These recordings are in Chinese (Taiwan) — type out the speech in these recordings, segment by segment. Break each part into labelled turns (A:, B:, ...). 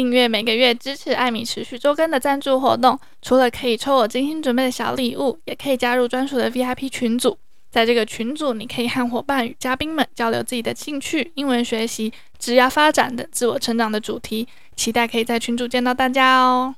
A: 訂閱每個月支持艾米持續週更的贊助活動，除了可以抽我精心準備的小禮物，也可以加入專屬的 VIP 群組。在這個群組，你可以和夥伴與嘉賓們交流自己的興趣、英文學習、職業發展等自我成長的主題。期待可以在群組見到大家哦。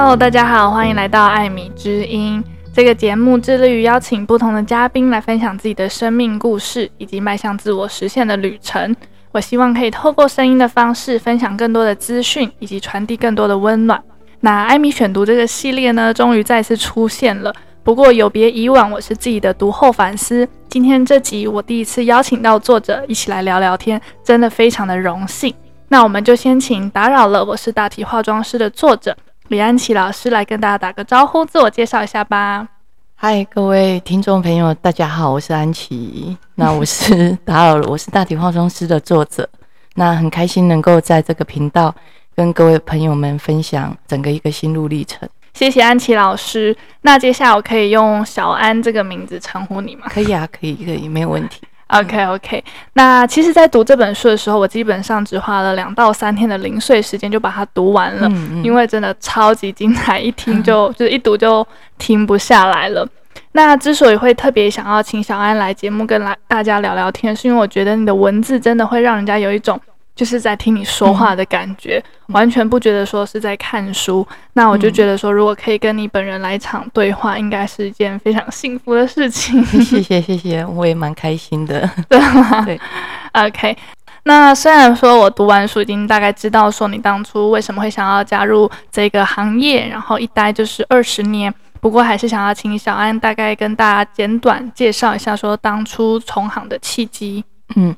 A: Hello，大家好，歡迎來到艾米之音。這個節目致力於邀請不同的嘉賓來分享自己的生命故事以及邁向自我實現的旅程。我希望可以透過聲音的方式分享更多的資訊以及傳遞更多的溫暖。那艾米選讀這個系列呢，終於再次出現了。不過有別以往，我是自己的讀後反思。今天這集我第一次邀請到作者一起來聊聊天，真的非常的榮幸。那我們就先請打擾了，我是大體化妝師的作者。李安琪老師來跟大家打個招呼，自我介紹一下吧。
B: 嗨，各位聽眾朋友，大家好，我是安琪。 那我是打擾了，我是《大體化妝師》的作者。那很開心能夠在這個頻道跟各位朋友們分享整個一個心路歷程。
A: 謝謝安琪老師。那接下來我可以用小安這個名字稱呼你嗎？可
B: 以啊，可以，可以，沒有問題。
A: OK OK，那其實，在讀這本書的時候，我基本上只花了兩到三天的零碎時間就把它讀完了，嗯嗯、因為真的超級精彩，一聽就、嗯、就是一讀就停不下來了。那之所以會特別想要請小安來節目跟來大家聊聊天，是因為我覺得你的文字真的會讓人家有一種。就是在聽你說話的感覺，嗯、完全不覺得說是在看書。那我就覺得說，如果可以跟你本人來場對話，嗯、應該是一件非常幸福的事情。謝
B: 謝謝謝，我也蠻開心的，
A: 對嗎？對，OK。那雖然說我讀完書已經大概知道說你當初為什麼會想要加入這個行業，然後一待就是二十年，不過還是想要請小安大概跟大家簡短介紹一下說當初從行的契機。嗯。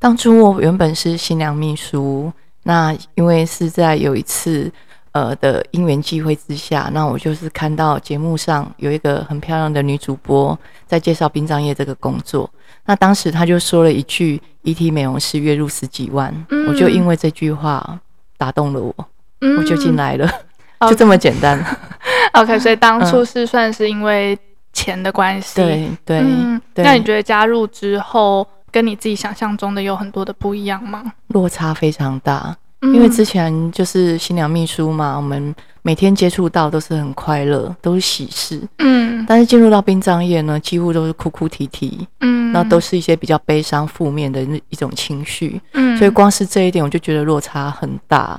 B: 當初我原本是新娘秘書，那因為是在有一次，呃的因緣際會之下，那我就是看到節目上有一個很漂亮的女主播在介紹殯葬業這個工作，那當時她就說了一句“遺體、嗯、美容師月入十幾萬”，嗯、我就因為這句話打動了我，
A: 嗯、我就進來
B: 了，嗯、 就這麼簡單。
A: Okay, 嗯、OK，所以當初是算是因為錢的關係、嗯，對對。嗯，那你覺得加入之後？跟你自己想象中的有很多的不一樣嗎？
B: 落差非常大，嗯，因為之前就是新娘秘書嘛，我們每天接觸到都是很快樂，都是喜事，
A: 嗯，
B: 但是進入到殯葬業呢，幾乎都是哭哭啼啼，嗯，那都是一些比較悲傷負面的一種情緒，嗯，所以光是這一點，我就覺得落差很大。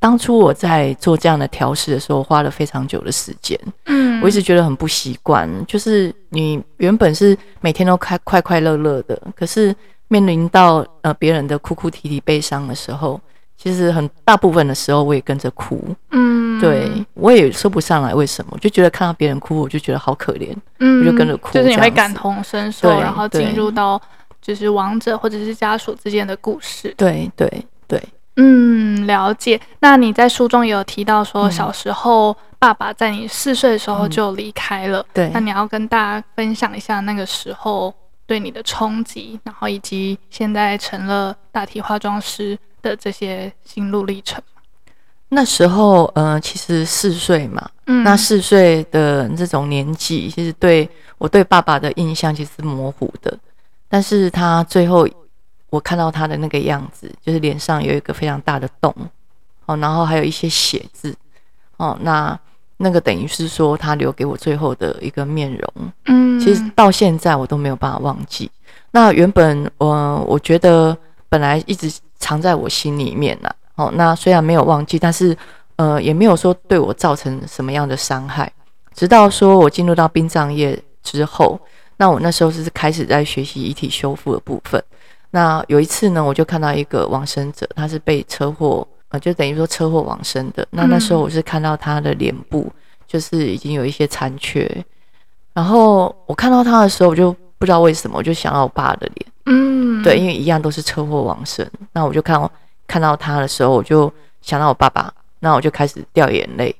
B: 當初我在做這樣的調適的時候，花了非常久的時間。嗯，我一直覺得很不習慣，就是你原本是每天都開快快樂樂的，可是面臨到呃別人的哭哭啼啼、悲傷的時候，其實很大部分的時候我也跟着哭。嗯，對，我也說不上來為什麼，就覺得看到別人哭，我就覺得好可憐，嗯，我就跟着哭。就是你會感同身受，對然後進入
A: 到就是亡者或者是家屬之間的故事。對
B: 對對。對對對
A: 嗯，了解。那你在書中也有提到說，小時候爸爸在你四歲的時候就離開了。嗯、對，那你要跟大家分享一下那個時候對你的衝擊，然後以及現在成了大體化妝師的這些心路歷程。
B: 那時候，嗯、呃，其實四歲嘛，嗯，那四歲的這種年紀，嗯、其實對，我對爸爸的印象其實是模糊的，但是他最後。我看到他的那個樣子，就是臉上有一個非常大的洞哦，然後還有一些血漬哦，那那個等於是說他留給我最後的一個面容，嗯，其實到現在我都沒有辦法忘記。那原本我，呃，我覺得本來一直藏在我心裡面吶，啊，哦，那雖然沒有忘記，但是呃也沒有說對我造成什麼樣的傷害。直到說我進入到殯葬業之後，那我那時候是開始在學習遺體修復的部分。那有一次呢，我就看到一個往生者，他是被車禍啊、呃，就等於說車禍往生的。那那時候我是看到他的臉部，就是已經有一些殘缺。然後我看到他的時候，我就不知道為什麼，我就想到我爸的臉。
A: 嗯，對，因
B: 為一樣都是車禍往生。那我就看看到他的時候，我就想到我爸爸，那我就開始掉眼淚。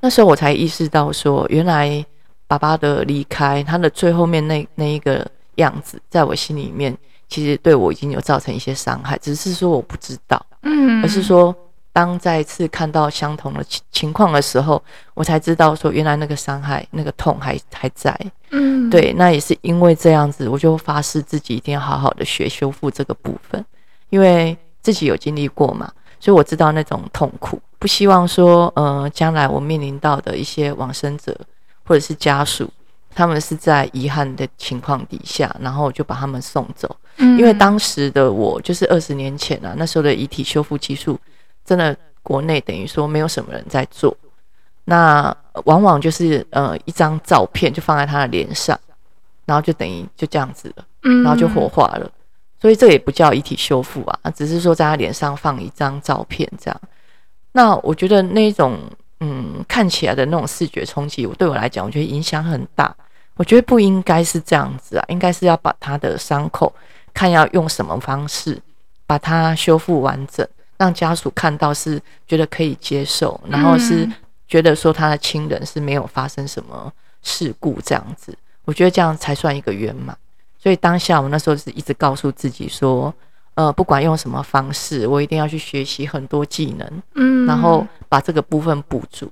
B: 那時候我才意識到，說原來爸爸的離開，他的最後面那那一個樣子，在我心裡面。其實對我已經有造成一些傷害，只是說我不知道，嗯，而是說當再一次看到相同的情況的時候，我才知道說原來那個傷害、那個痛還還在，嗯，對，那也是因為這樣子，我就發誓自己一定要好好的學修復這個部分，因為自己有經歷過嘛，所以我知道那種痛苦，不希望說，呃，將來我面臨到的一些往生者或者是家屬，他們是在遺憾的情況底下，然後我就把他們送走。因為當時的我就是二十年前啊，那時候的遺體修復技術真的國內等於說沒有什麼人在做，那往往就是呃一張照片就放在他的臉上，然後就等於就這樣子了，嗯，然後就火化了，所以這也不叫遺體修復啊，只是說在他臉上放一張照片這樣。那我覺得那種嗯看起來的那種視覺衝擊，我對我來講我覺得影響很大，我覺得不應該是這樣子啊，應該是要把他的傷口。看要用什麼方式把它修復完整，讓家屬看到是覺得可以接受，然後是覺得說他的親人是沒有發生什麼事故這樣子，我覺得這樣才算一個圓滿。所以當下我那時候是一直告訴自己說，呃，不管用什麼方式，我一定要去學習很多技能，嗯，然後把這個部分補足，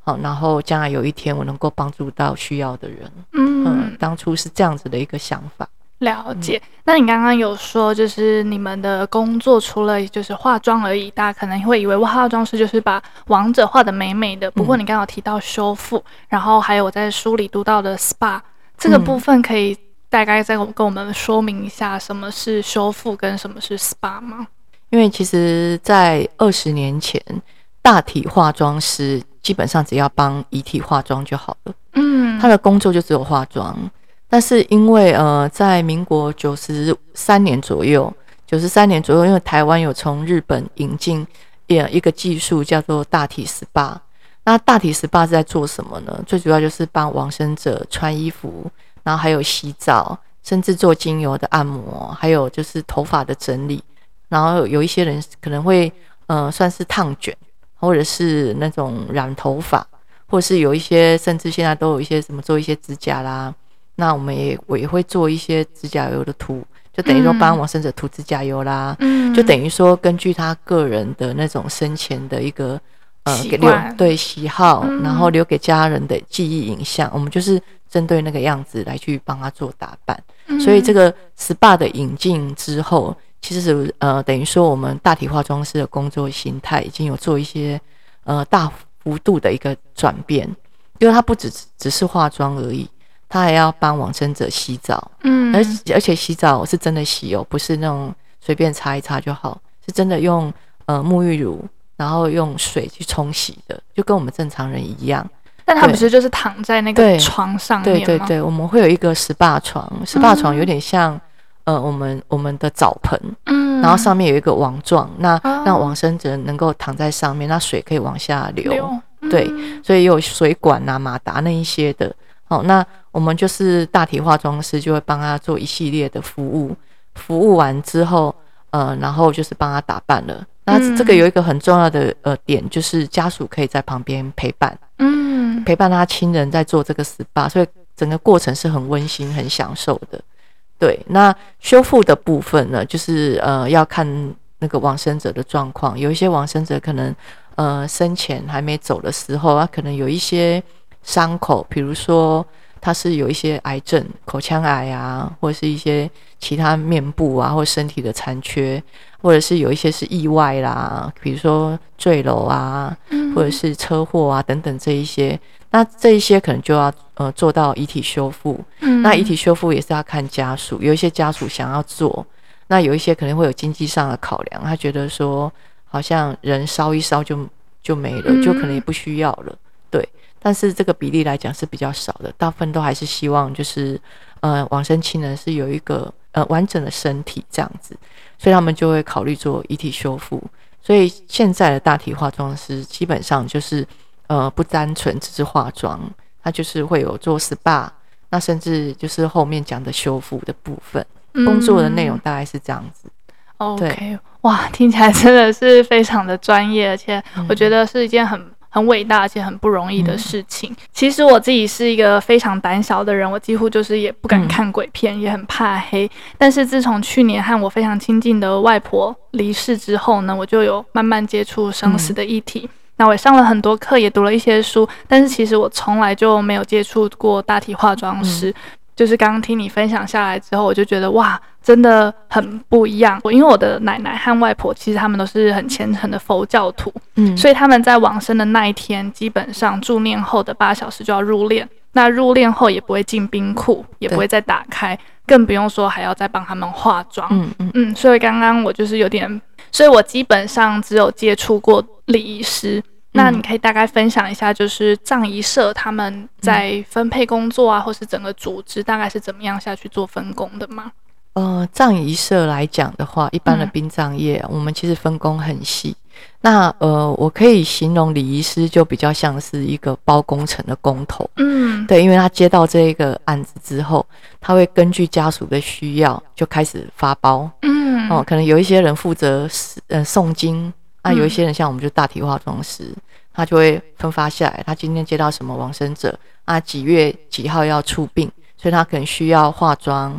B: 好，哦，然後將來有一天我能夠幫助到需要的人，嗯，當初是這樣子的一個想法。
A: 了解，那你剛剛有說，就是你們的工作除了就是化妝而已，大家可能會以為化妝師就是把王者化得美美的。不過你剛剛提到修復，嗯、然後還有我在書裡讀到的 SPA 這個部分，可以大概再跟我們說明一下什麼是修復跟什麼是 SPA 嗎？
B: 因為其實，在二十年前，大體化妝師基本上只要幫遺體化妝就好
A: 了，嗯，他
B: 的工作就只有化妝。但是因為，呃，在民國九十三年左右，九十三年左右，因為台灣有從日本引進一一個技術，叫做大體 SPA。那大體 SPA 是在做什麼呢？最主要就是幫往生者穿衣服，然後還有洗澡，甚至做精油的按摩，還有就是頭髮的整理。然後有一些人可能會，呃，算是燙捲，或者是那種染頭髮，或者是有一些甚至現在都有一些什麼做一些指甲啦。那我們也我也會做一些指甲油的塗，就等於說幫往生者塗指甲油啦。嗯嗯、就等於說，根據他個人的那種生前的一個
A: 呃，喜愛給留對
B: 喜好，嗯、然後留給家人的記憶影像，我們就是針對那個樣子來去幫他做打扮。嗯、所以這個 SPA 的引進之後，其實是呃，等於說我們大體化妝師的工作型態已經有做一些呃大幅度的一個轉變，因為它不只只是化妝而已。他還要幫往生者洗澡，嗯，而而且洗澡我是真的洗哦，不是那種隨便擦一擦就好，是真的用呃沐浴乳，然後用水去沖洗的，就跟我們正常人一樣。
A: 但他不是就是躺在那個床上嗎？對，對對對，我
B: 們會有一個 SPA 床，SPA 床有點像、嗯、呃我們我們的澡盆，嗯，然後上面有一個網狀，那讓、哦、往生者能夠躺在上面，那水可以往下流，流嗯、對，所以有水管啊、馬達那一些的，好、哦、那。我們就是大體化妝師，就會幫他做一系列的服務，服務完之後，呃，然後就是幫他打扮了。那這個有一個很重要的呃點，就是家屬可以在旁邊陪伴，
A: 嗯，
B: 陪伴他親人在做這個 SPA，所以整個過程是很溫馨、很享受的。對，那修復的部分呢，就是呃要看那個往生者的狀況，有一些往生者可能呃生前還沒走的時候啊，可能有一些傷口，比如說。他是有一些癌症、口腔癌啊，或者是一些其他面部啊或者身體的殘缺，或者是有一些是意外啦，比如說墜樓啊，嗯、或者是車禍啊等等這一些。那這一些可能就要呃做到遺體修復。嗯、那遺體修復也是要看家屬，有一些家屬想要做，那有一些可能會有經濟上的考量，他覺得說好像人燒一燒就就沒了，就可能也不需要了。嗯但是這個比例來講是比較少的，大部分都還是希望就是呃，往生期呢，是有一個呃完整的身體這樣子，所以他們就會考慮做遺體修復。所以現在的大體化妝師基本上就是呃不單純只是化妝，他就是會有做 SPA，那甚至就是後面講的修復的部分、嗯、工作的內容大概是這樣子。
A: OK，、嗯、對哇，聽起來真的是非常的專業，而且我覺得是一件很。很偉大而且很不容易的事情。嗯，其實我自己是一個非常膽小的人，我幾乎就是也不敢看鬼片，嗯，也很怕黑。但是自從去年和我非常親近的外婆離世之後呢，我就有慢慢接觸生死的議題。嗯，那我也上了很多課，也讀了一些書，但是其實我從來就沒有接觸過大體化妝師。嗯，就是剛剛聽你分享下來之後，我就覺得哇。真的很不一樣。我因為我的奶奶和外婆，其實他們都是很虔誠的佛教徒，嗯，所以他們在往生的那一天，基本上助念後的八小時就要入殮。那入殮後也不會進冰庫，也不會再打開，對更不用說還要再幫他們化妝。嗯嗯，嗯。所以剛剛我就是有點，所以我基本上只有接觸過禮儀師。嗯、那你可以大概分享一下，就是葬儀社他們在分配工作啊，或是整個組織大概是怎麼樣下去做分工的嗎？
B: 呃，葬儀社來講的話，一般的殯葬業，我們其實分工很細。嗯、那呃，我可以形容禮儀師就比較像是一個包工程的工頭。嗯，對，因為他接到這一個案子之後，他會根據家屬的需要就開始發包。嗯，哦、呃，可能有一些人負責呃誦經，
A: 那、啊、有一些
B: 人像我們就大體化妝師，嗯、他就會分發下來。他今天接到什麼往生者啊，幾月幾號要出殯，所以他可能需要化妝。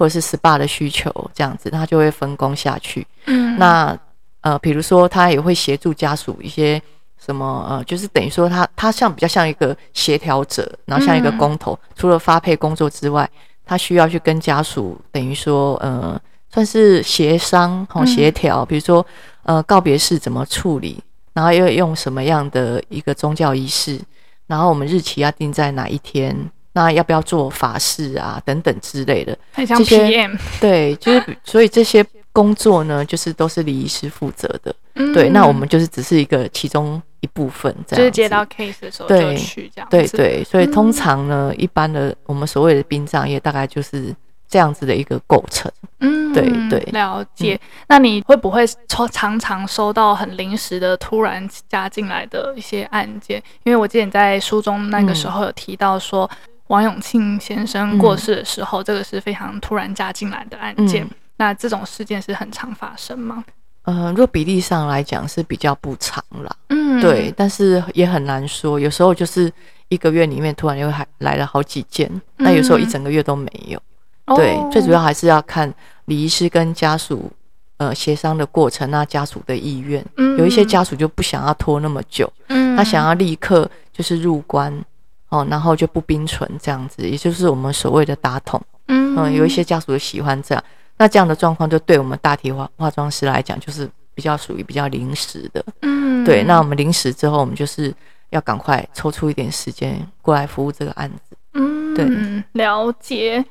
B: 或者是 SPA 的需求這樣子，他就會分工下去。嗯，那呃，比如說他也會協助家屬一些什麼呃，就是等於說他他像比較像一個協調者，然後像一個工頭。嗯、除了發配工作之外，他需要去跟家屬等於說呃，算是協商和協調。嗯、比如說呃，告別式怎麼處理，然後要用什麼樣的一個宗教儀式，然後我們日期要定在哪一天。那、啊、要不要做法事啊？等等之類的，很像 PM 對，就是所以這些工作呢，就是都是禮儀師負責的。嗯嗯，對，那我們就是只是一個其中一部分這樣，就是接到 case 的時候，就去這樣。對，對，對。所以通常呢，嗯、一般的我們所謂的殯葬業，大概就是這樣子的一個構成。嗯，嗯，對對。對，
A: 了解。嗯、那你會不會常常常收到很臨時的、突然加進來的一些案件？因為我記得你在書中那個時候有提到說。王永慶先生過世的時候，嗯、這個是非常突然加進來的案件。嗯、那這種事件是很常發生嗎？
B: 呃，若比例上來講是比較不常啦。嗯，對，但是也很難說，有時候就是一個月裡面突然又還來了好幾件，那、嗯、有時候一整個月都沒有。哦、對，最主要還是要看禮儀師跟家屬呃協商的過程啊，家屬的意願。嗯、有一些家屬就不想要拖那麼久，嗯、他想要立刻就是入關。哦，然後就不冰存這樣子，也就是我們所謂的打桶。嗯、嗯，有一些家屬喜歡這樣，那這樣的狀況就對我們大體化化妝師來講，就是比較屬於比較臨時的。嗯，對。那我們臨時之後，我們就是要趕快抽出一點時間過來服務這個案子。
A: 嗯，對，了解。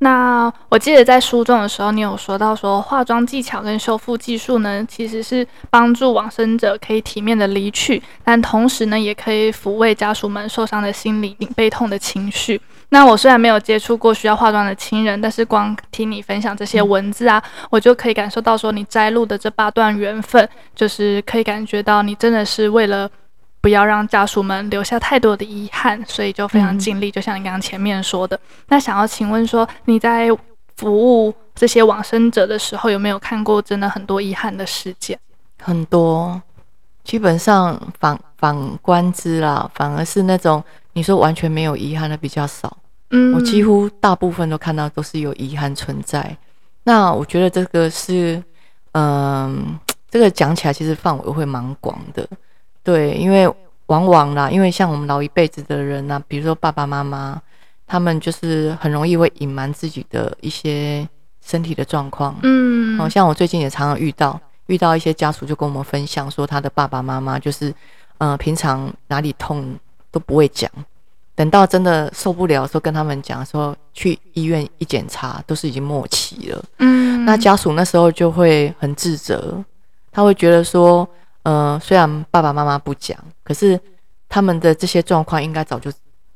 A: 那我記得在書中的時候，你有說到說化妝技巧跟修復技術呢，其實是幫助往生者可以體面的離去，但同時呢，也可以撫慰家屬們受傷的心理、悲痛的情緒。那我雖然沒有接觸過需要化妝的親人，但是光聽你分享這些文字啊，我就可以感受到說你摘錄的這八段緣分，就是可以感覺到你真的是為了。不要讓家屬們留下太多的遺憾，所以就非常盡力。嗯、就像你剛剛前面說的，那想要請問說，你在服務這些往生者的時候，有沒有看過真的很多遺憾的事件？
B: 很多，基本上反反觀之啦，反而是那種你說完全沒有遺憾的比較少。嗯，我幾乎大部分都看到都是有遺憾存在。那我覺得這個是，嗯、呃，這個講起來其實範圍會蠻廣的。對，因為往往啦，因為像我們老一輩子的人吶、啊，比如說爸爸媽媽，他們就是很容易會隱瞞自己的一些身體的狀況。嗯，好、哦、像我最近也常常遇到，遇到一些家屬就跟我們分享說，他的爸爸媽媽就是，嗯、呃，平常哪裡痛都不會講，等到真的受不了的時候，跟他們講說去醫院一檢查都是已經末期了。嗯，那家屬那時候就會很自責，他會覺得說。呃，雖然爸爸媽媽不講，可是他們的這些狀況應該早就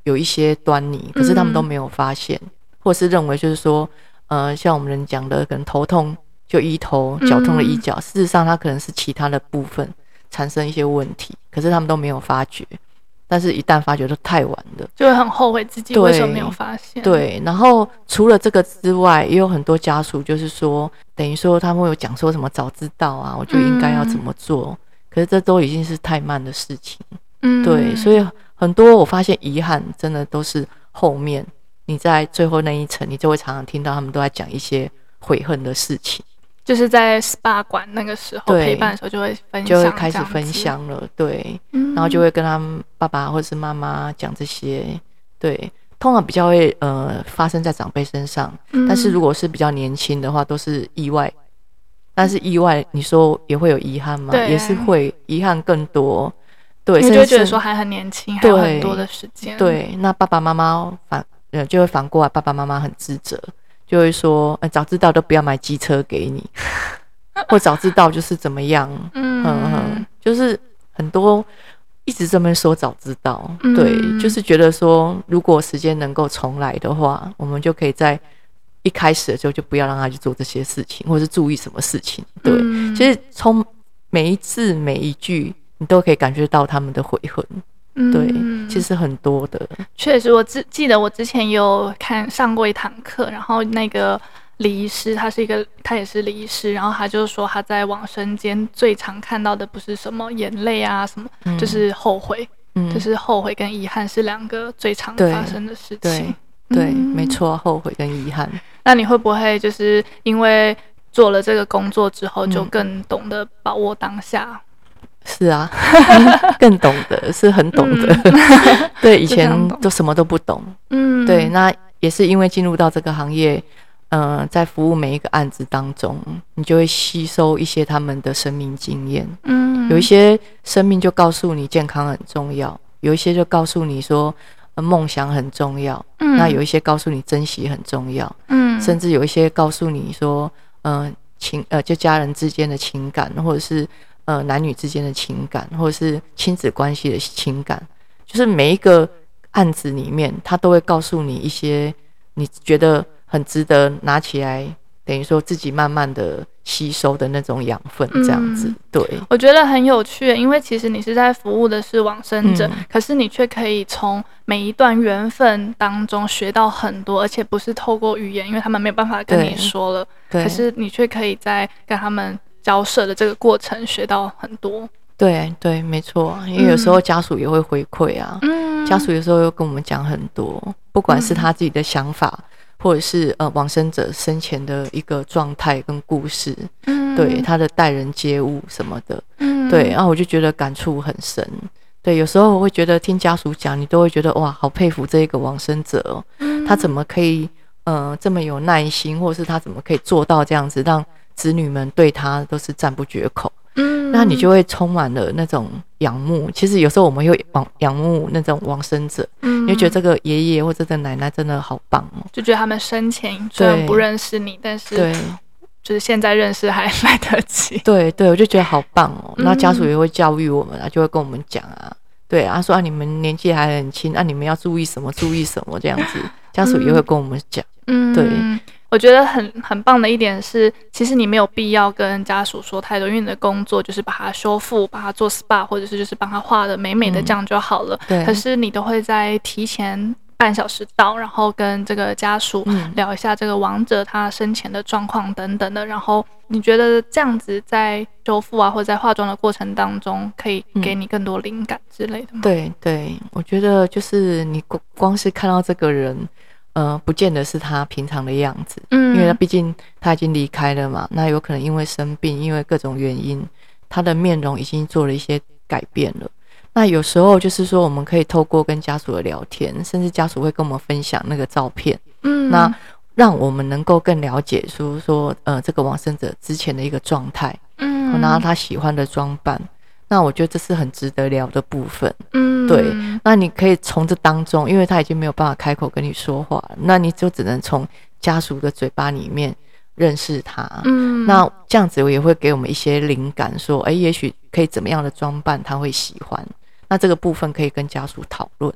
B: 有一些端倪，可是他們都沒有發現，嗯、或者是認為就是說，呃，像我們人講的，可能頭痛就醫頭，腳痛了醫腳，嗯、事實上他可能是其他的部分產生一些問題，可是他們都沒有發覺，但是一旦發覺就太晚了，就會很後悔自己為什麼沒有發現，對。對，然後除了這個之外，也有很多家屬就是說，等於說他們有講說什麼早知道啊，我就應該要怎麼做。嗯可是這都已經是太慢的事情，嗯，對，所以很多我發現遺憾真的都是後面，你在最後那一層，你就會常常聽到他們都在講一些悔恨的事情，
A: 就是在 SPA 館那個時候陪伴的時候就會分享就會開始分享
B: 了，對，嗯，然後就會跟他們爸爸或者是媽媽講這些，對，通常比較會呃發生在長輩身上，嗯，但是如果是比較年輕的話，都是意外。但是意外，你說也會有遺憾嗎？對也是會遺憾更多。對，你就會覺得說還很年輕，對還有很多的時間。對，那爸爸媽媽反呃就會反過來，爸爸媽媽很自責，就會說呃、欸、早知道都不要買機車給你， 或早知道就是怎麼樣。 嗯
A: 哼哼，
B: 就是很多一直這麼說，早知道。對，嗯，就是覺得說，如果時間能夠重來的話，我們就可以在。一開始的時候就不要讓他去做這些事情，或是注意什麼事情。對，嗯、其實從每一字每一句，你都可以感覺到他們的悔恨。嗯、
A: 對，其實
B: 很多的。
A: 確實我，我之記得我之前有看上過一堂課，然後那個李醫師，他是一個，他也是李醫師，然後他就說他在往生間最常看到的不是什麼眼淚啊什麼，嗯、就是後悔，嗯、就是後悔跟遺憾是兩個最常發生的事情。對對對，沒錯，
B: 後悔跟遺憾。
A: 那你會不會就是因為做了這個工作之後，就更懂得把握當下、
B: 嗯？是啊， 更懂得，是很懂得。嗯、 對，以前都什麼都不懂。嗯，對，那也是因為進入到這個行業，嗯、呃，在服務每一個案子當中，你就會吸收一些他們的生命經驗。嗯，有一些生命就告訴你健康很重要，有一些就告訴你說，夢想很重要，嗯、那有一些告訴你珍惜很重要，嗯、甚至有一些告訴你說，嗯、呃、情呃，就家人之間的情感，或者是呃男女之間的情感，或者是親子關係的情感，就是每一個案子裡面，他都會告訴你一些你覺得很值得拿起來。等於說自己慢慢的吸收的那種養分，這樣子，嗯、對。我
A: 覺得很有趣，因為其實你是在服務的是往生者，嗯、可是你卻可以從每一段緣分當中學到很多，而且不是透過語言，因為他們沒有辦法跟你說了，對可是你卻可以在跟他們交涉的這個過程學到很多。
B: 對對，沒錯，因為有時候家屬也會回饋啊，嗯、家屬有時候又跟我們講很多，不管是他自己的想法。嗯或者是呃，往生者生前的一個狀態跟故事，嗯、對，他的待人接物什麼的，嗯、對，然、啊、後我就覺得感觸很深，對，有時候我會覺得聽家屬講，你都會覺得哇，好佩服這一個往生者哦，嗯、他怎麼可以呃這麼有耐心，或者是他怎麼可以做到這樣子，讓子女們對他都是讚不絕口。嗯，那你就會充滿了那種仰慕。其實有時候我們又仰仰慕那種往生者，嗯，你就覺得這個爺爺或者這個奶奶真的好棒哦，
A: 就覺得他們生前雖然不認識你，對，但是對，就是現在認識還來得
B: 及。對對，我就覺得好棒哦。那家屬也會教育我們啊，嗯，就會跟我們講啊，對，啊說啊，你們年紀還很輕，那你們要注意什麼，注意什麼這樣子。家屬也會跟我們講，嗯，
A: 對。嗯我覺得很很棒的一點是，其實你沒有必要跟家屬說太多，因為你的工作就是把它修復，把它做 SPA，或者是就是幫他畫得美美的這樣就好了。嗯、對。可是你都會在提前半小時到，然後跟這個家屬聊一下這個亡者他生前的狀況等等的。嗯、然後你覺得這樣子在修復啊，或者在化妝的過程當中，可以給你更多靈感之類的嗎？
B: 對對，我覺得就是你光光是看到這個人。呃，不見得是他平常的樣子，嗯，因為他畢竟他已經離開了嘛，嗯，那有可能因為生病，因為各種原因，他的面容已經做了一些改變了。那有時候就是說，我們可以透過跟家屬的聊天，甚至家屬會跟我們分享那個照片，嗯，那讓我們能夠更了解，說說，呃，這個往生者之前的一個狀態，嗯，然後他喜歡的裝扮。那我覺得這是很值得聊的部分，嗯，對。那你可以從這當中，因為他已經沒有辦法開口跟你說話，那你就只能從家屬的嘴巴裡面認識他。嗯，那這樣子我也會給我們一些靈感，說，哎，也許可以怎麼樣的裝扮他會喜歡。那這個部分可以跟家屬討論。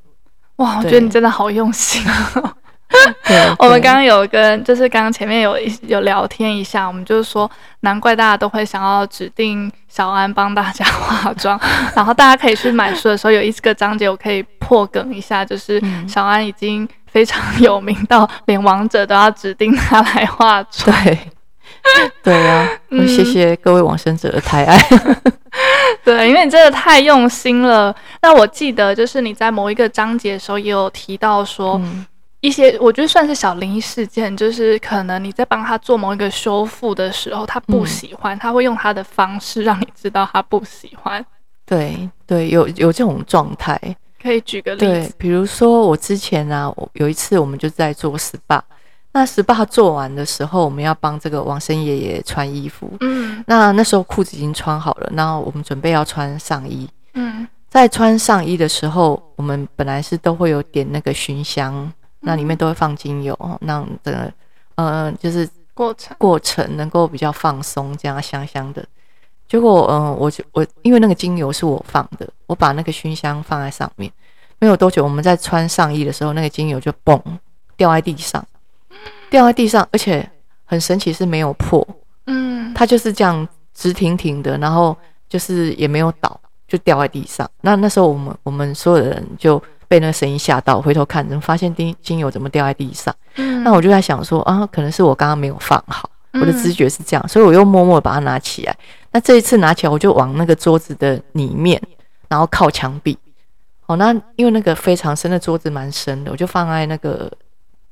A: 哇，對我覺得你真的好用心啊！ 我們剛剛有跟，就是剛剛前面有有聊天一下，我們就是說，難怪大家都會想要指定小安幫大家化妝， 然後大家可以去買書的時候，有一個章節我可以破梗一下，就是小安已經非常有名到連王者，都要指定他來化妝。對，
B: 對啊， 嗯，我謝謝各位往生者的抬愛。
A: 對，因為你真的太用心了。那我記得就是你在某一個章節的時候也有提到說。嗯一些我覺得算是小靈異事件，就是可能你在幫他做某一個修復的時候，他不喜歡，嗯、他會用他的方式讓你知道他不喜歡。
B: 對對，有有這種狀態，
A: 可以舉個例子，對比
B: 如說我之前呢、啊，有一次我們就在做 SPA 那 SPA 做完的時候，我們要幫這個往生爺爺穿衣服。嗯，那那時候褲子已經穿好了，然後我們準備要穿上衣。嗯，在穿上衣的時候，我們本來是都會有點那個熏香。那裡面都會放精油，那整個呃、嗯、就是過程過程能夠比較放鬆，這樣香香的。結果嗯，我就我因為那個精油是我放的，我把那個熏香放在上面，沒有多久，我們在穿上衣的時候，那個精油就嘣掉在地上，掉在地上，而且很神奇是沒有破，嗯，它就是這樣直挺挺的，然後就是也沒有倒，就掉在地上。那那時候我們我們所有的人就。被那個聲音嚇到，回頭看，怎麼發現丁精油怎麼掉在地上。嗯、那我就在想說啊，可能是我剛剛沒有放好，嗯、我的直覺是這樣，所以我又默默把它拿起來。那這一次拿起來，我就往那個桌子的裡面，然後靠牆壁。好、哦，那因為那個非常深的桌子蠻深的，我就放在那個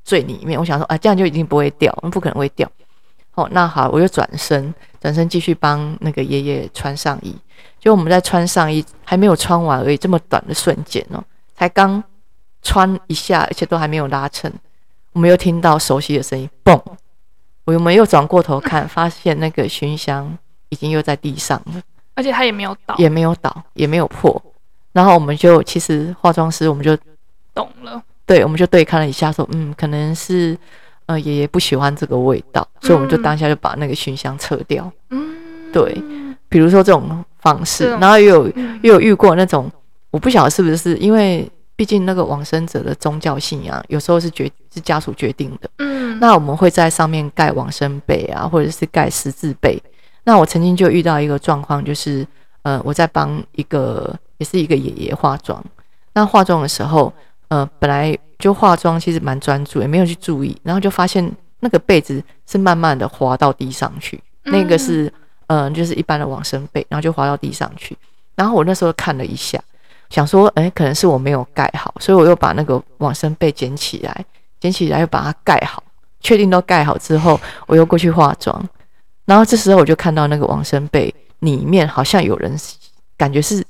B: 最裡面。我想說啊，這樣就一定不會掉，不可能會掉。好、哦，那好，我就轉身，轉身繼續幫那個爺爺穿上衣。就我們在穿上衣還沒有穿完而已，這麼短的瞬間哦。才剛穿一下，而且都還沒有拉伸，我們又聽到熟悉的聲音，蹦！我們又轉過頭看，發現那個熏香已經又在地上了，
A: 而且它也沒有倒，
B: 也沒有倒，也沒有破。然後我們就，其實化妝師我們就懂了，對，我們就對看了一下，說，嗯，可能是呃爺爺不喜歡這個味道，所以我們就當下就把那個熏香撤掉。嗯，對，比如說這種方式，然後又有又有遇過那種。我不曉得是不是因為，畢竟那個往生者的宗教信仰有時候是決是家屬決定的。嗯。那我們會在上面蓋往生被啊，或者是蓋十字被。那我曾經就遇到一個狀況，就是呃，我在幫一個也是一個爺爺化妝。那化妝的時候，呃，本來就化妝其實蠻專注，也沒有去注意，然後就發現那個被子是慢慢的滑到地上去。嗯、那個是嗯、呃，就是一般的往生被，然後就滑到地上去。然後我那時候看了一下。想說、欸，可能是我沒有蓋好，所以我又把那個往生被撿起來，撿起來又把它蓋好。確定都蓋好之後，我又過去化妝，然後這時候我就看到那個往生被裡面好像有人，感覺是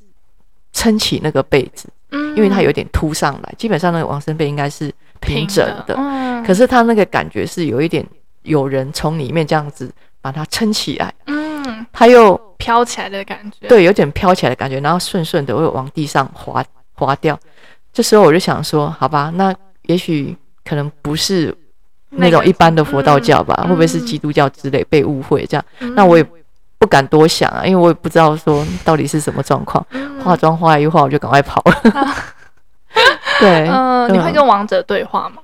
B: 撐起那個被子，嗯、因為它有點凸上來。基本上那個往生被應該是平整的，的嗯、可是它那個感覺是有一點有人從裡面這樣子把它撐起來，嗯
A: 嗯，它又飄起來的感覺，對，有點
B: 飄起來的感覺，然後順順的會往地上滑滑掉。這時候我就想說，好吧，那也許可能不是那種一般的佛道教吧，嗯、會不會是基督教之類、嗯、被誤會這樣？嗯、那我也不敢多想啊，因為我也不知道說到底是什麼狀況。嗯、化妝化一化，我就趕快跑了。啊、 對，嗯、呃，啊、你會
A: 跟亡者對話嗎？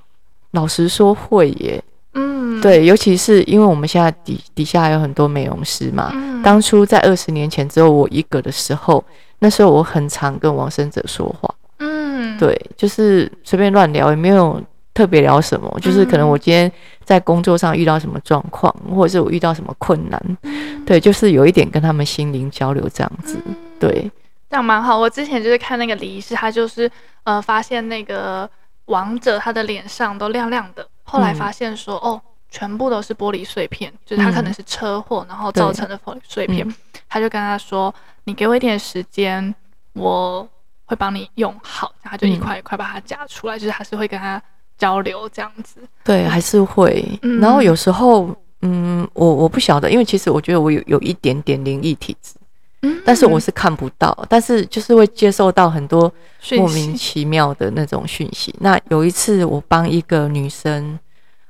B: 老實說，會耶。嗯，對，尤其是因為我們現在底底下還有很多美容師嘛。嗯、當初在二十年前只有我一個的時候，那時候我很常跟往生者說話。嗯，對，就是隨便亂聊，也沒有特別聊什麼，就是可能我今天在工作上遇到什麼狀況，嗯、或者是我遇到什麼困難，嗯、對，就是有一點跟他們心靈交流這樣子。嗯、對，
A: 這樣蠻好。我之前就是看那個禮儀師，他就是呃發現那個亡者他的臉上都亮亮的。後來發現說，嗯、哦，全部都是玻璃碎片，就是他可能是車禍，嗯、然後造成的玻璃碎片。對他就跟他說：“嗯、你給我一點時間，我會幫你用好。”然後他就一塊一塊把它夾出來，嗯、就是還是會跟他交流這樣子。
B: 對，還是會。然後有時候，嗯,嗯，我我不曉得，因為其實我覺得我有有一點點靈異體質。但是我是看不到，嗯嗯，但是就是會接受到很多莫名其妙的那種訊息。息，那有一次我幫一個女生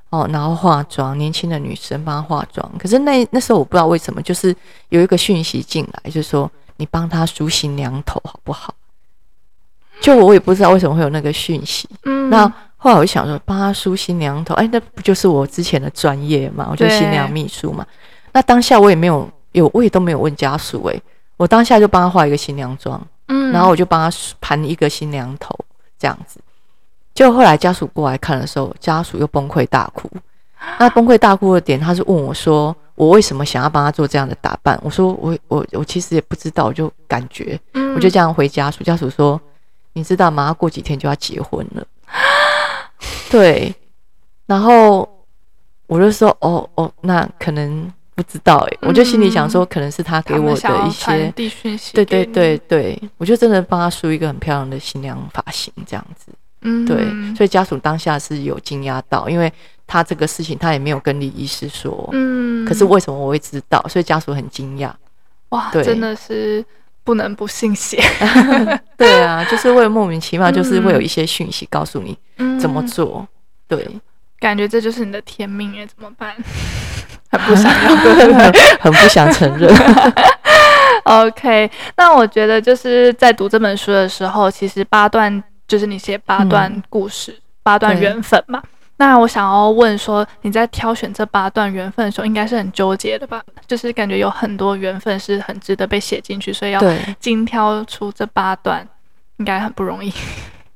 B: 哦，然後化妝，年輕的女生幫她化妝。可是那那時候我不知道為什麼，就是有一個訊息進來就是，就說你幫她梳新娘頭好不好？就我也不知道為什麼會有那個訊息。嗯，那後來我想說，幫她梳新娘頭，哎、欸，那不就是我之前的專業嘛？我就是新娘秘書嘛。對那當下我也沒有，有我也都沒有問家屬、欸，哎。我當下就幫他化一個新娘妝，嗯，然後我就幫他盤一個新娘頭，這樣子。就後來家屬過來看的時候，家屬又崩潰大哭。那崩潰大哭的點，他是問我說：“我為什麼想要幫他做這樣的打扮？”我說：“我我我其實也不知道，我就感覺。嗯”我就這樣回家屬，家屬說：“你知道嗎？過幾天就要結婚了。” 對。然後我就說：“哦哦，那可能。”不知道哎、欸，嗯、我就心裡想說，可能是他給我的一些地訊息，對對對對，我就真的幫他梳一個很漂亮的新娘髮型這樣子，嗯，對，所以家屬當下是有驚訝到，因為他這個事情他也沒有跟李醫師說，嗯，可是為什麼我會知道？所以家屬很驚訝，哇，對真的
A: 是不能不信邪，
B: 對啊，就是為了莫名其妙，嗯、就是會有一些訊息告訴你怎麼做，嗯、對，
A: 感覺這就是你的天命哎，怎麼辦？很不想要 很，很
B: 很不想承認。
A: OK，那我覺得就是在讀這本書的時候，其實八段就是你寫八段故事，嗯、八段緣分嘛。對那我想要問說，你在挑選這八段緣分的時候，應該是很糾結的吧？就是感覺有很多緣分是很值得被寫進去，所以要精挑出這八段，對應該很不容易。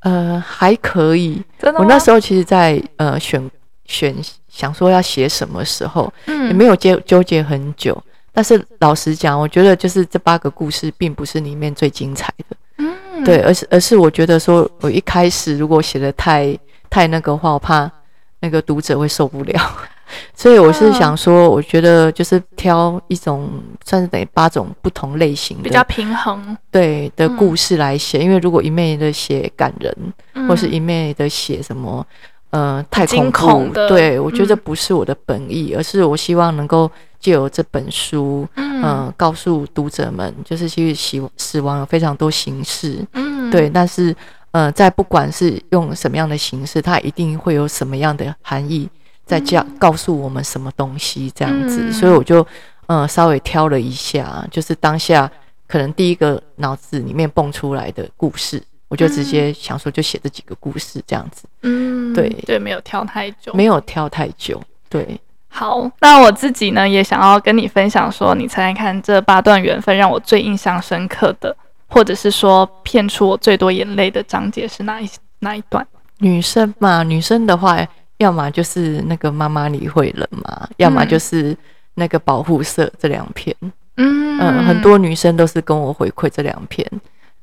B: 呃，還可以。真的嗎？我那時候其實在，在呃選選。選想說要寫什麼時候，也沒有糾糾結很久。嗯、但是老實講，我覺得就是這八個故事並不是裡面最精彩的，嗯、
A: 對，而
B: 是而是我覺得說，我一開始如果寫得太太那個話，我怕那個讀者會受不了。 所以我是想說，我覺得就是挑一種，算是，等於八種不同類型的，的比較平衡，對的故事來寫。嗯、因為如果一味的寫感人，嗯、或是一味的寫什麼。呃，太空空，對，我覺得這不是我的本意，嗯、而是我希望能夠借由這本書，嗯，呃、告訴讀者們，就是其實死亡有非常多形式，嗯，嗯，對，但是，呃，在不管是用什麼樣的形式，它一定會有什麼樣的含義在叫，在教、嗯、告訴我們什麼東西這樣子，嗯、所以我就，嗯、呃，稍微挑了一下，就是當下可能第一個腦子裡面蹦出來的故事。我就直接想說，就寫這幾個故事這樣子。嗯，對對，
A: 沒有挑太久，沒有
B: 挑太久。對，
A: 好，那我自己呢，也想要跟你分享說，你猜猜看這八段緣分，讓我最印象深刻的，或者是說騙出我最多眼淚的章節是哪一哪一段？
B: 女生嘛，女生的話，要麼就是那個媽媽離婚了嘛，嗯，要麼就是那個保護色這兩篇。嗯，嗯，很多女生都是跟我回饋這兩篇。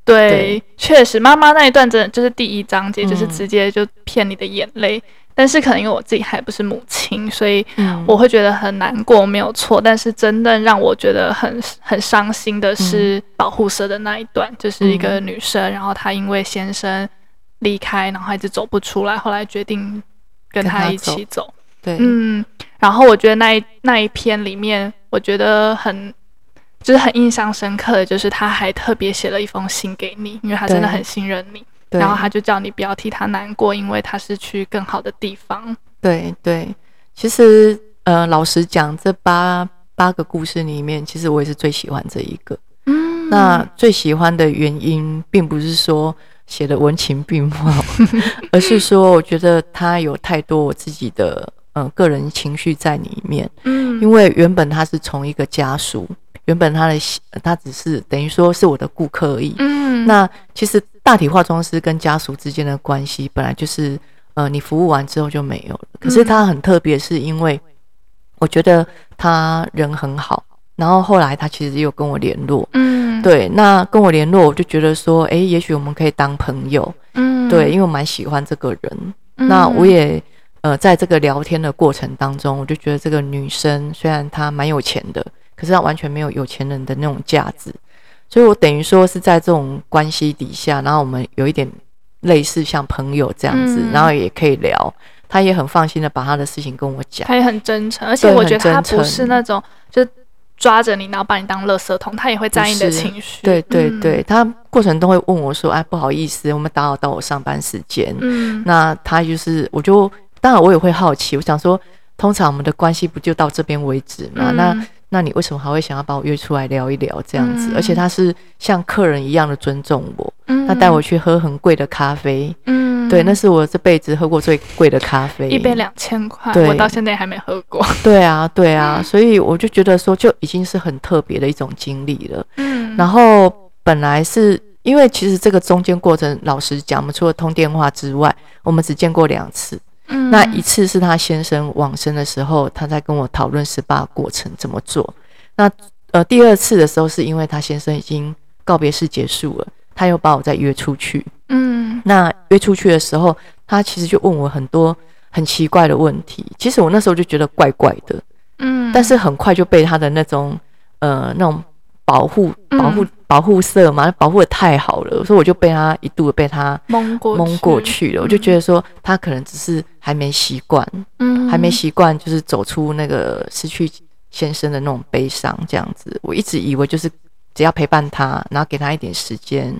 A: 對，對，確實，媽媽那一段真的就是第一章節，嗯、就是直接就騙你的眼淚。但是可能因為我自己還不是母親，所以我會覺得很難過，嗯、沒有錯。但是真的讓我覺得很很傷心的是保護色的那一段，嗯、就是一個女生，嗯、然後她因為先生離開，然後一直走不出來，後來決定跟他一起走。走對，嗯。然後我覺得那一那一篇裡面，我覺得很。就是很印象深刻的，就是他還特別寫了一封信給你，因為他真的很信任你，對然後他就叫你不要替他難過，因為他是去更好的地方。
B: 對對，其實呃，老實講，這八八個故事裡面，其實我也是最喜歡這一個。
A: 嗯，那
B: 最喜歡的原因，並不是說寫的文情並茂， 而是說我覺得他有太多我自己的嗯、呃、個人情緒在裡面。嗯，因為原本他是從一個家屬。原本他的他只是等於說是我的顧客而已。嗯，那其實大體化妝師跟家屬之間的關係本來就是，呃，你服務完之後就沒有了。可是他很特別，是因為我覺得他人很好，然後後來他其實又跟我聯絡。嗯，對，那跟我聯絡，我就覺得說，誒，欸，也許我們可以當朋友。嗯，對，因為我蠻喜歡這個人。嗯，那我也呃，在這個聊天的過程當中，我就覺得這個女生雖然她蠻有錢的。可是他完全沒有有錢人的那種架子，所以我等於說是在這種關係底下，然後我們有一點類似像朋友這樣子，嗯、然後也可以聊。他也很放心的把他的事情跟我講，他也很真誠，而且對我覺得他不是那
A: 種就抓着你，然後把你當垃圾桶，他也會在意你的情緒。對對對，
B: 嗯、他過程都會問我說：“哎，不好意思，我們打擾到我上班時間。嗯”那他就是，我就當然我也會好奇，我想說，通常我們的關係不就到這邊為止嘛？嗯、那那你為什麼還會想要把我約出來聊一聊這樣子？嗯、而且他是像客人一樣的尊重我，嗯，他帶我去喝很貴的咖啡，嗯，對，那是我這輩子喝過最貴的咖啡，一杯兩
A: 千塊，對我到現在還沒喝過。
B: 對啊，對啊，嗯、所以我就覺得說，就已經是很特別的一種經歷了。嗯，然後本來是，因為其實這個中間過程，老實講，我們除了通電話之外，我們只見過兩次。那一次是他先生往生的時候，他在跟我討論 SPA 過程怎麼做。那呃第二次的時候，是因為他先生已經告別式結束了，他又把我再約出去。
A: 嗯，
B: 那約出去的時候，他其實就問我很多很奇怪的問題。其實我那時候就覺得怪怪的。嗯，但是很快就被他的那種呃那種。保護、保護、保護色嘛，保護得太好了，所以我就被他一度被他蒙過去了。嗯、我就覺得說，他可能只是還沒習慣，嗯、還沒習慣，就是走出那個失去先生的那種悲傷這樣子。我一直以為就是只要陪伴他，然後給他一點時間，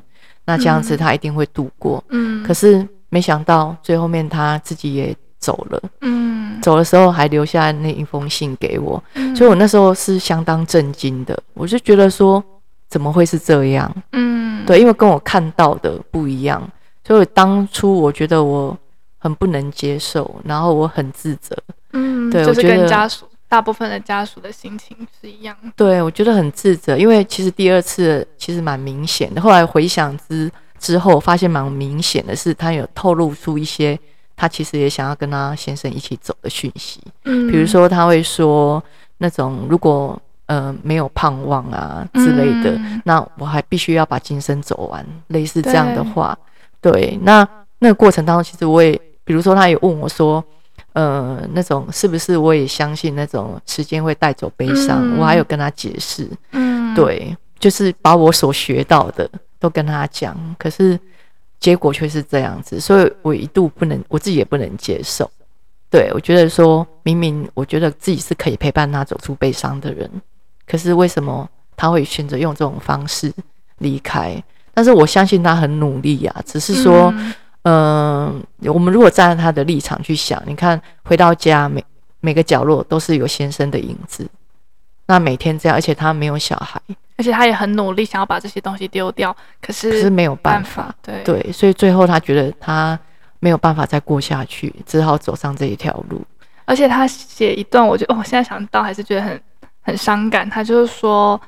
B: 那這樣子他一定會度過。嗯嗯、可是沒想到最後面他自己也，走了，
A: 嗯，走
B: 的時候還留下那一封信給我，嗯，所以我那時候是相當震驚的。我就覺得說，怎麼會是這樣？嗯，對，因為跟我看到的不一樣，所以當初我覺得我很不能接受，然後我很自責。嗯，對，就是跟家
A: 屬大部分的家屬的心情是一樣。
B: 對，我覺得很自責，因為其實第二次其實蠻明顯的，後來回想之之後，發現蠻明顯的是他有透露出一些。他其實也想要跟他先生一起走的訊息，嗯，比如說他會說那種如果呃沒有盼望啊之類的，嗯，那我還必須要把今生走完，類似這樣的話，對，對。那那個過程當中，其實我也，比如說他也問我說，呃，那種是不是我也相信那種時間會帶走悲傷？嗯，我還有跟他解釋，嗯，對，就是把我所學到的都跟他講，可是。結果卻是這樣子，所以我一度不能，我自己也不能接受。對，我覺得說，明明我覺得自己是可以陪伴他走出悲傷的人，可是為什麼他會選擇用這種方式離開？但是我相信他很努力呀，啊，只是說，嗯，呃，我們如果站在他的立場去想，你看，回到家，每，每個角落都是有先生的影子。他每天這樣，而且他沒有小孩，
A: 而且他也很努力想要把這些東西丟掉，可是沒可是沒有辦法。對對，
B: 所以最後他覺得他沒有辦法再過下去，只好走上這一條路。
A: 而且他寫一段，我覺得我現在想到還是覺得很很傷感。他就是說，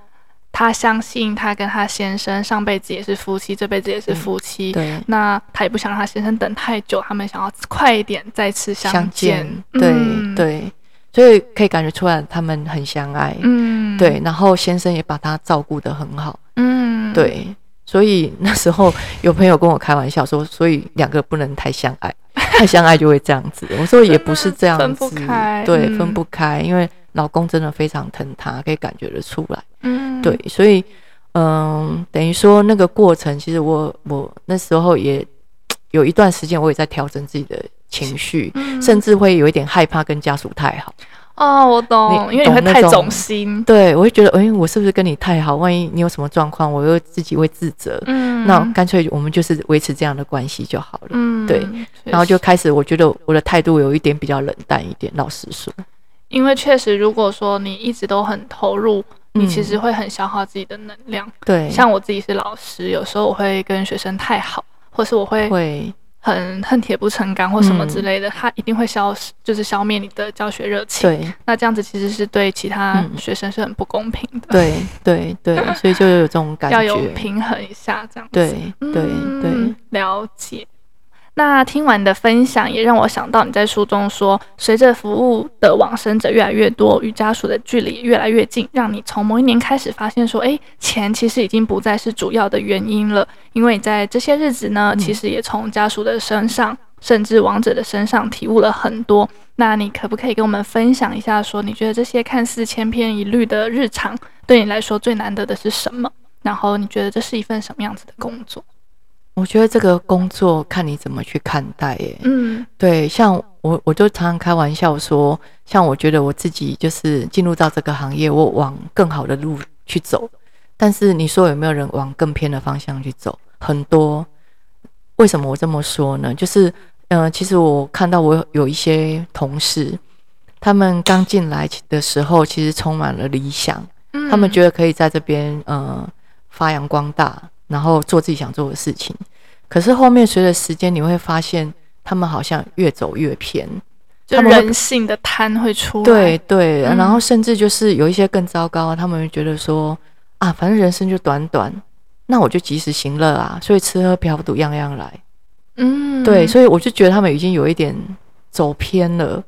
A: 他相信他跟他先生上輩子也是夫妻，這輩子也是夫妻。嗯、對。那他也不想讓他先生等太久，他們想要快一點再次相見。對對。嗯
B: 對所以可以感覺出來，他們很相愛，嗯，對。然後先生也把她照顧得很好，嗯，對。所以那時候有朋友跟我開玩笑說，所以兩個不能太相愛， 太相愛就會這樣子。 我說我也不是這樣子、嗯，分不開，嗯、對，分不開。因為老公真的非常疼她，可以感覺得出來，嗯，對。所以，嗯，等於說那個過程，其實我我那時候也有一段時間，我也在調整自己的。情緒，嗯、甚至會有一點害怕跟家屬太好
A: 啊、哦，我懂，你因為你會太走心。對，
B: 我會覺得，哎，我是不是跟你太好？萬一你有什麼狀況，我又自己會自責。嗯，那乾脆我們就是維持這樣的關係就好了。嗯，對，嗯、然後就開始，我覺得我的態度有一點比較冷淡一點。老實說，
A: 因為確實，如果說你一直都很投入，你其實會很消耗自己的能量。嗯、對，像我自己是老師，有時候我會跟學生太好，或是我會會。很恨鐵不成鋼或什麼之類的，嗯、他一定會消，就是消滅你的教學熱情。對，那這樣子其實是對其他學生是很不公平的。對
B: 對、嗯、對，對 所以就有這種感覺，要有平
A: 衡一下這樣子對。對對、嗯、對，了解。那聽完你的分享，也讓我想到你在書中說，隨着服務的往生者越來越多，與家屬的距離越來越近，讓你從某一年開始發現說，誒、欸，錢其實已經不再是主要的原因了。因為你在這些日子呢，其實也從家屬的身上，嗯、甚至亡者的身上體悟了很多。那你可不可以跟我們分享一下說你覺得這些看似千篇一律的日常，對你來說最難得的是什麼？然後你覺得這是一份什麼樣子的工作？
B: 我覺得這個工作看你怎麼去看待，耶？嗯，對，像我，我就常常開玩笑說，像我覺得我自己就是進入到這個行業，我往更好的路去走。但是你說有沒有人往更偏的方向去走？很多。為什麼我這麼說呢？就是，嗯，呃，其實我看到我有一些同事，他們剛進來的時候，其實充滿了理想，嗯，他們覺得可以在這邊，呃，發揚光大。然後做自己想做的事情，可是後面隨着時間，你會發現他們好像越走越偏，
A: 就人性的貪會出來。對
B: 對、嗯啊，然後甚至就是有一些更糟糕，他們覺得說啊，反正人生就短短，那我就及時行樂啊，所以吃喝嫖賭樣樣來。
A: 嗯，對，所以
B: 我就覺得他們已經有一點走偏了。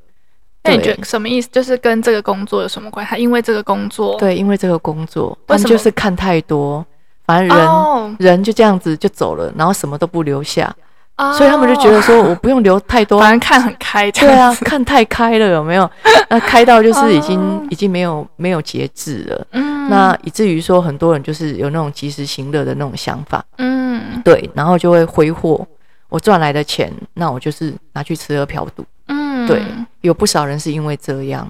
B: 那你覺得
A: 什麼意思？就是跟這個工作有什麼關係？他因為這個工作，對，
B: 因為這個工作，他就是看太多。反正人，oh. 人就這樣子就走了，然後什麼都不留下，oh.
A: 所以他們就覺得說我
B: 不用留太多。 反正看很
A: 開，對啊，
B: 看太開了，有沒有？ 那開到就是已經，oh. 已經沒有沒有節制了。嗯，mm. 那以至於說很多人就是有那種及時行樂的那種想法。嗯，mm. 對，然後就會揮霍我賺來的錢，那我就是拿去吃喝嫖賭。嗯，mm. 對，有不少人是因為這樣。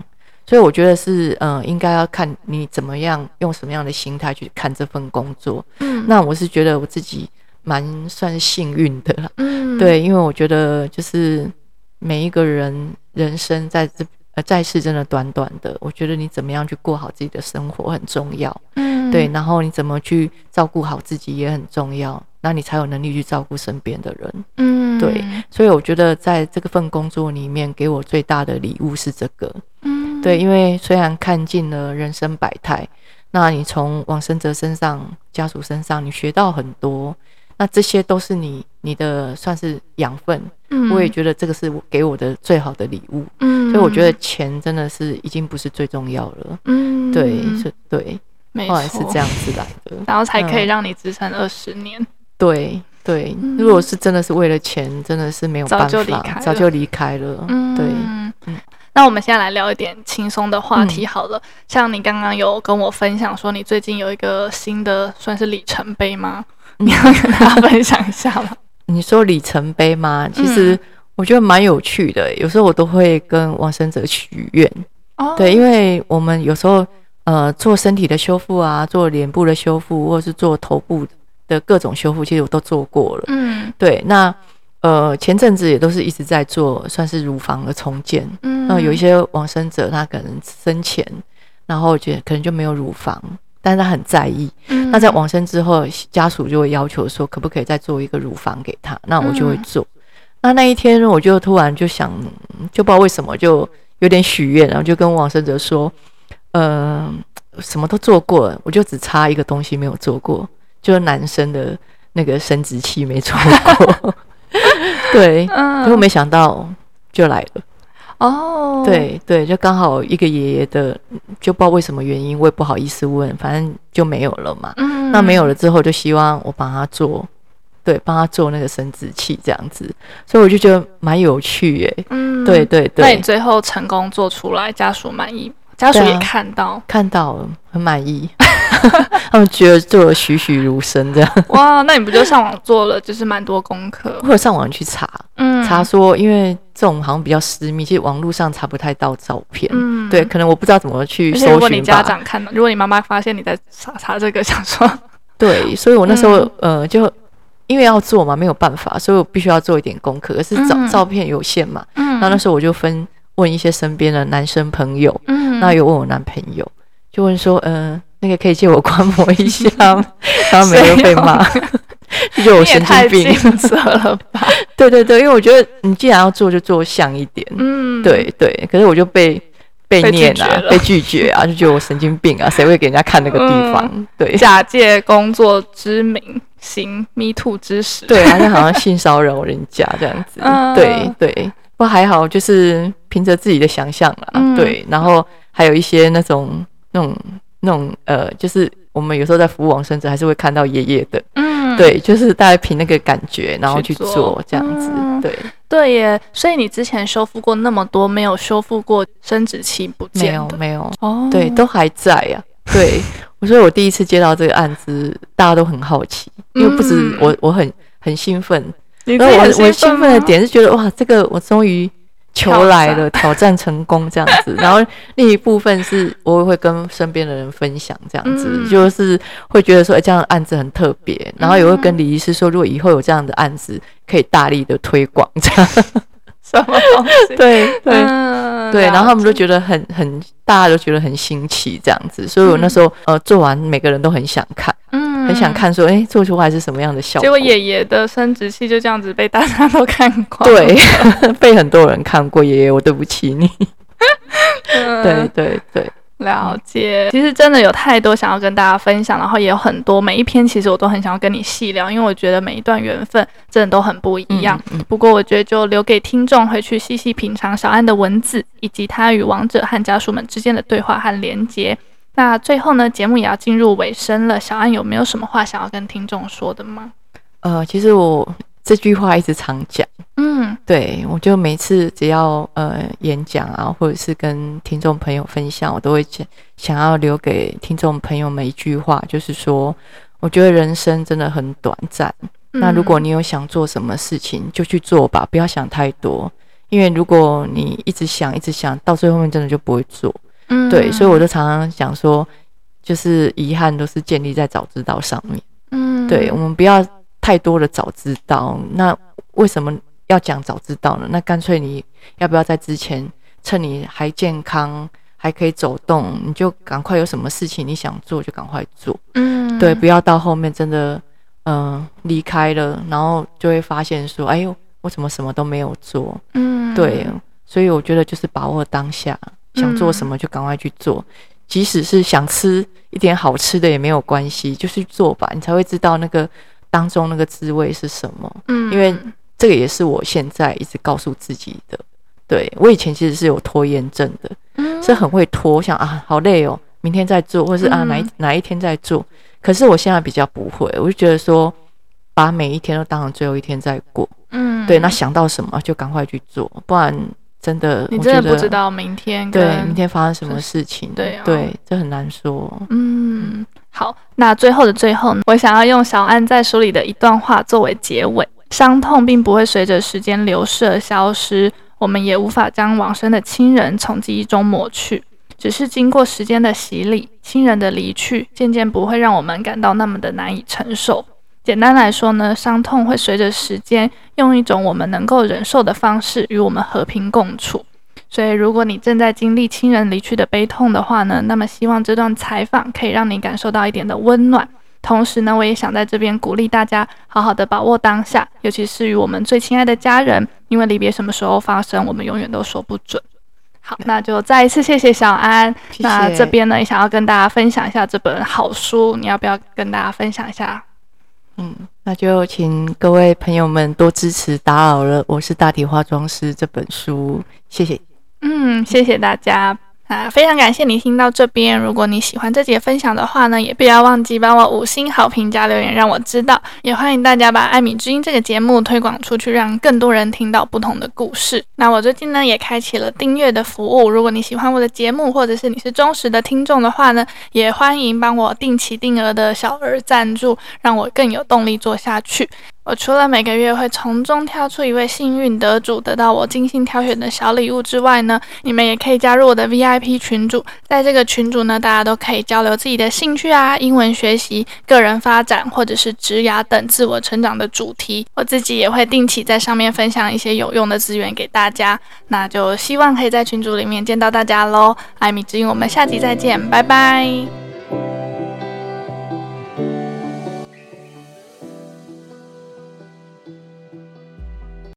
B: 所以我覺得是，嗯、呃，應該要看你怎麼樣用什麼樣的心態去看這份工作。嗯，那我是覺得我自己蠻算幸運的啦，嗯，對，因為我覺得就是每一個人人生在這呃，在世真的短短的，我覺得你怎麼樣去過好自己的生活很重要。嗯，對，然後你怎麼去照顧好自己也很重要，那你才有能力去照顧身邊的人。嗯，對，所以我覺得在這個份工作裡面，給我最大的禮物是這個。嗯。對，因為雖然看盡了人生百態，那你從往生者身上、家屬身上，你學到很多，那這些都是你你的算是養分。嗯，我也覺得這個是給我的最好的禮物。嗯，所以我覺得錢真的是已經不是最重要了。嗯，對，對，是沒錯，對，後來是這樣子來的，然後才可以
A: 讓你支撐二十年。
B: 嗯、對對，如果是真的是為了錢，真的是沒有辦法，早就離開了。開了，嗯，對。嗯
A: 那我們現在來聊一點輕鬆的話題好了。嗯、像你剛剛有跟我分享說，你最近有一個新的算是里程碑嗎？你要跟大家分享一下嗎？
B: 你說里程碑嗎？其實我覺得蠻有趣的。嗯、有時候我都會跟往生者許願哦，對，因為我們有時候呃做身體的修復啊，做臉部的修復，或者是做頭部的各種修復，其實我都做過了。嗯，對，那。呃，前陣子也都是一直在做，算是乳房的重建。嗯，那有一些往生者，他可能生前，然後就可能就沒有乳房，但是他很在意。嗯，那在往生之後，家屬就會要求說，可不可以再做一個乳房給他？那我就會做。嗯，那那一天，我就突然就想，就不知道為什麼，就有點許願，然後就跟往生者說，呃，什麼都做過了，我就只差一個東西沒有做過，就是男生的那個生殖器沒做過。 對，如果沒想到就來
A: 了哦。嗯、對
B: 對，就剛好一個爺爺的，就不知道為什麼原因，我也不好意思問，反正就沒有了嘛。嗯，那沒有了之後，就希望我幫他做，對，幫他做那個生殖器這樣子，所以我就覺得蠻有趣耶，欸。嗯，對對對。那你最
A: 後成功做出來，家屬滿意，家屬也看到，
B: 啊，看到了，很滿意。 他們覺得做了栩栩如生，這
A: 樣哇？那你不就上網做了，就是蠻多功課，哦？ 或
B: 者上網去查，嗯，查說，因為這種好像比較私密，其實網絡上查不太到照片，嗯，對，可能我不知道怎麼去搜尋。如果你家長
A: 看到，如果你媽媽發現你在查查這個，想說，
B: 對，所以我那時候，嗯、呃，就因為要做嘛，沒有辦法，所以我必須要做一點功課。可是找、嗯、照片有限嘛，嗯，那那時候我就分問一些身邊的男生朋友，嗯，嗯，那又問我男朋友，就問說，嗯、呃。那個可以借我觀摩一下，然後沒人被罵，就覺得我神經病，扯了吧？對對對，因為我覺得你既然要做，就做像一點。嗯，對對。可是我就被被念啊，被拒絕啊，就覺得我神經病啊，誰會給人家看那個地方？對，假
A: 借工作之名行蜜 o 之實，對，還是好像
B: 性騷擾人家這樣子。對對，不過還好，就是憑着自己的想象啦。對，然後還有一些那種那種。那種呃，就是我們有時候在服務往生者，還是會看到爺爺的，嗯，對，就是大家憑那個感覺，然後去做這樣子，嗯、對，
A: 對耶。所以你之前修復過那麼多，沒有修復過生殖器不見？沒有，沒有，哦，對，
B: 都還在呀、啊。對，我說我第一次接到這個案子， 大家都很好奇，因為不止我，我很很興奮。因為我我興奮的點是覺得哇，這個我終於。求來的上挑戰成功這樣子，然後另一部分是我也會跟身邊的人分享這樣子，嗯、就是會覺得說哎、欸，這樣的案子很特別，然後也會跟李醫師說，嗯、如果以後有這樣的案子，可以大力的推廣這樣。
A: 什麼東西？ 對對、
B: 嗯、對，然後他們都覺得很很，大家都覺得很新奇這樣子，所以我那時候、嗯、呃做完，每個人都很想看。嗯。很想看說，說、欸、誒，做出來是什麼樣的效果？結果爺
A: 爺的生殖器就這樣子被大家都看過，對，
B: 被很多人看過。爺爺，我對不起你。嗯、
A: 對對對，了解。嗯、其實真的有太多想要跟大家分享，然後也有很多每一篇，其實我都很想要跟你細聊，因為我覺得每一段緣分真的都很不一樣。嗯嗯、不過我覺得就留給聽眾回去細細品嘗小安的文字，以及他與亡者和家屬們之間的對話和連接。那最後呢，節目也要進入尾聲了。小安有沒有什麼話想要跟聽眾說的嗎？
B: 呃，其實我這句話一直常講。嗯，對，我就每次只要呃演講啊，或者是跟聽眾朋友分享，我都會講，想要留給聽眾朋友們一句話，就是說，我覺得人生真的很短暫。嗯、那如果你有想做什麼事情，就去做吧，不要想太多，因為如果你一直想，一直想到最後面，真的就不會做。
A: 嗯， 對，所以我就
B: 常常講說，就是遺憾都是建立在早知道上面。嗯， 對，我們不要太多的早知道。那為什麼要講早知道呢？那乾脆你要不要在之前，趁你還健康，還可以走動，你就趕快有什麼事情你想做就趕快做。嗯， 對，不要到後面真的，嗯、呃，離開了，然後就會發現說，哎呦，我怎麼什麼都沒有做？嗯， 對，所以我覺得就是把握當下。想做什麼就趕快去做，嗯、即使是想吃一點好吃的也沒有關係，就是、去做吧，你才會知道那個當中那個滋味是什麼。嗯，因為這個也是我現在一直告訴自己的。對，我以前其實是有拖延症的，嗯、是很會拖。我想啊，好累哦，明天再做，或是、嗯、啊哪一哪一天再做。可是我現在比較不會，我就覺得說，把每一天都當成最後一天在過。嗯，對，那想到什麼就趕快去做，不然。真的，你真的不知道明天對明天發生什麼事情，對、啊、對，這很難說。
A: 嗯，好，那最後的最後呢，我想要用小安在書裡的一段話作為結尾：傷痛並不會隨着時間流逝而消失，我們也無法將往生的親人從記憶中抹去，只是經過時間的洗禮，親人的離去漸漸不會讓我們感到那麼的難以承受。簡單來說呢，傷痛會隨着時間，用一種我們能夠忍受的方式與我們和平共處。所以，如果你正在經歷親人離去的悲痛的話呢，那麼希望這段採訪可以讓你感受到一點的溫暖。同時呢，我也想在這邊鼓勵大家好好的把握當下，尤其是與我們最親愛的家人，因為離別什麼時候發生，我們永遠都說不準。好，那就再一次謝謝小安。謝謝。那這邊呢，也想要跟大家分享一下這本好書，你要不要跟大家分享一下？
B: 嗯，那就請各位朋友們多支持，《打擾了，我是大體化妝師》這本書，謝謝。嗯，
A: 謝謝大家。那、啊、非常感謝你聽到這邊。如果你喜歡這集分享的話呢，也不要忘記幫我五星好評加留言，讓我知道。也歡迎大家把《艾米之音》這個節目推廣出去，讓更多人聽到不同的故事。那我最近呢，也開啟了訂閱的服務，如果你喜歡我的節目，或者是你是忠實的聽眾的話呢，也歡迎幫我定期定額的小額贊助，讓我更有動力做下去。我除了每個月會從中挑出一位幸運得主，得到我精心挑選的小禮物之外呢，你們也可以加入我的 VIP 群組。在這個群組呢，大家都可以交流自己的興趣啊，英文學習、個人發展，或者是職涯等自我成長的主題。我自己也會定期在上面分享一些有用的資源給大家。那就希望可以在群組裡面見到大家嘍，艾米之音，我們下集再見，拜拜。